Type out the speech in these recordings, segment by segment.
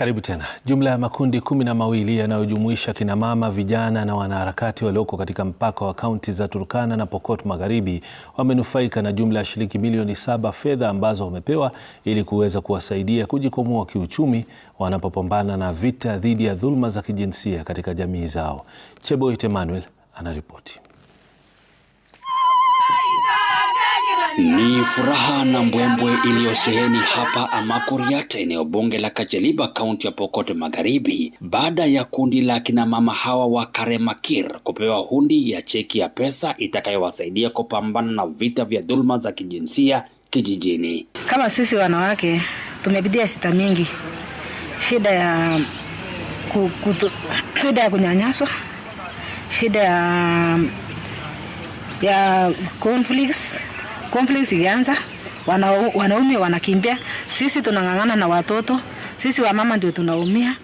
Karibu tena. Jumla ya makundi kumi na mawili yanayojumuisha kina mama, vijana na wanaharakati walioko katika mpaka wa kaunti za Turkana na Pokot Magharibi wamenufaika na jumla ya shilingi milioni saba fedha ambazo wamepewa ili kuweza kuwasaidia kujikomua kiuchumi wanapopambana na vita dhidi ya dhuluma za kijinsia katika jamii zao. Cheboit Emmanuel anaripoti. Ni furaha na mbwembwe iliyosheheni hapa Amakuriat, eneo bunge la Kajeliba, kaunti ya Pokot Magharibi, baada ya kundi la kina mama hawa wa Karemakir kupewa hundi ya cheki ya pesa itakayowasaidia kupambana na vita vya dhuluma za kijinsia kijijini. Kama sisi wanawake tumepitia sita mingi, shida ya kukutu, shida ya kunyanyaswa, shida ya, ya conflicts Conflict ilianza, wana, wanaume wanakimbia, sisi tunang'ang'ana na watoto, sisi wamama ndio tunaumia.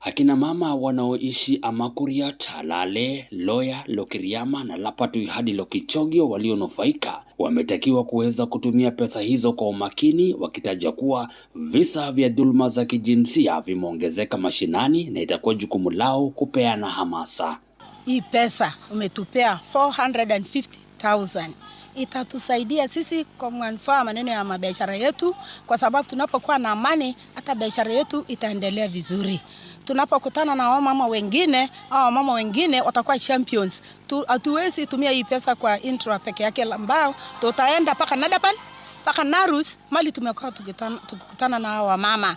Akina mama wanaoishi Amakuria, Talale, Loya, Lokiriama na Lapatu hadi Lokichogio walionufaika wametakiwa kuweza kutumia pesa hizo kwa umakini, wakitaja kuwa visa vya dhuluma za kijinsia vimeongezeka mashinani na itakuwa jukumu lao kupeana hamasa hii pesa umetupea 450,000 itatusaidia sisi kwa manufaa maneno ya mabiashara yetu, kwa sababu tunapokuwa na amani, hata biashara yetu itaendelea vizuri. Tunapokutana na wamama wengine au wamama wengine watakuwa champions. Hatuwezi tumia hii pesa kwa intra peke yake, ambao tutaenda mpaka Nadapan mpaka Narus mali tumekuwa tukikutana na wamama.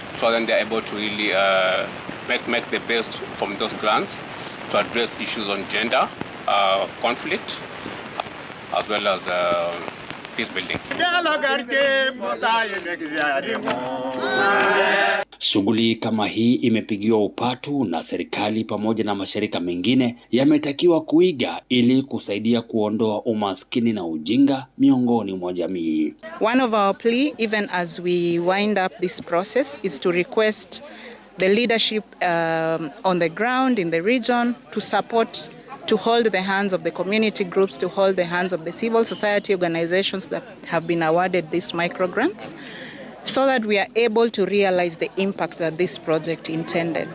so then they're able to really uh, make, make the best from those grants to address issues on gender, uh, conflict, as well as uh, peace building. Shughuli kama hii imepigiwa upatu na serikali pamoja na mashirika mengine yametakiwa kuiga ili kusaidia kuondoa umaskini na ujinga miongoni mwa jamii. One of our plea, even as we wind up this process, is to request the leadership um, on the ground in the region to support to hold the hands of the community groups, to hold the hands of the civil society organizations that have been awarded these micro grants so that we are able to realize the impact that this project intended.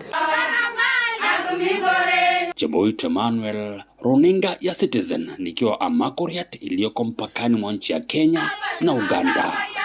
Cheboit Emmanuel Runinga ya Citizen nikiwa Amakuriat iliyoko mpakani mwa nchi ya Kenya na Uganda.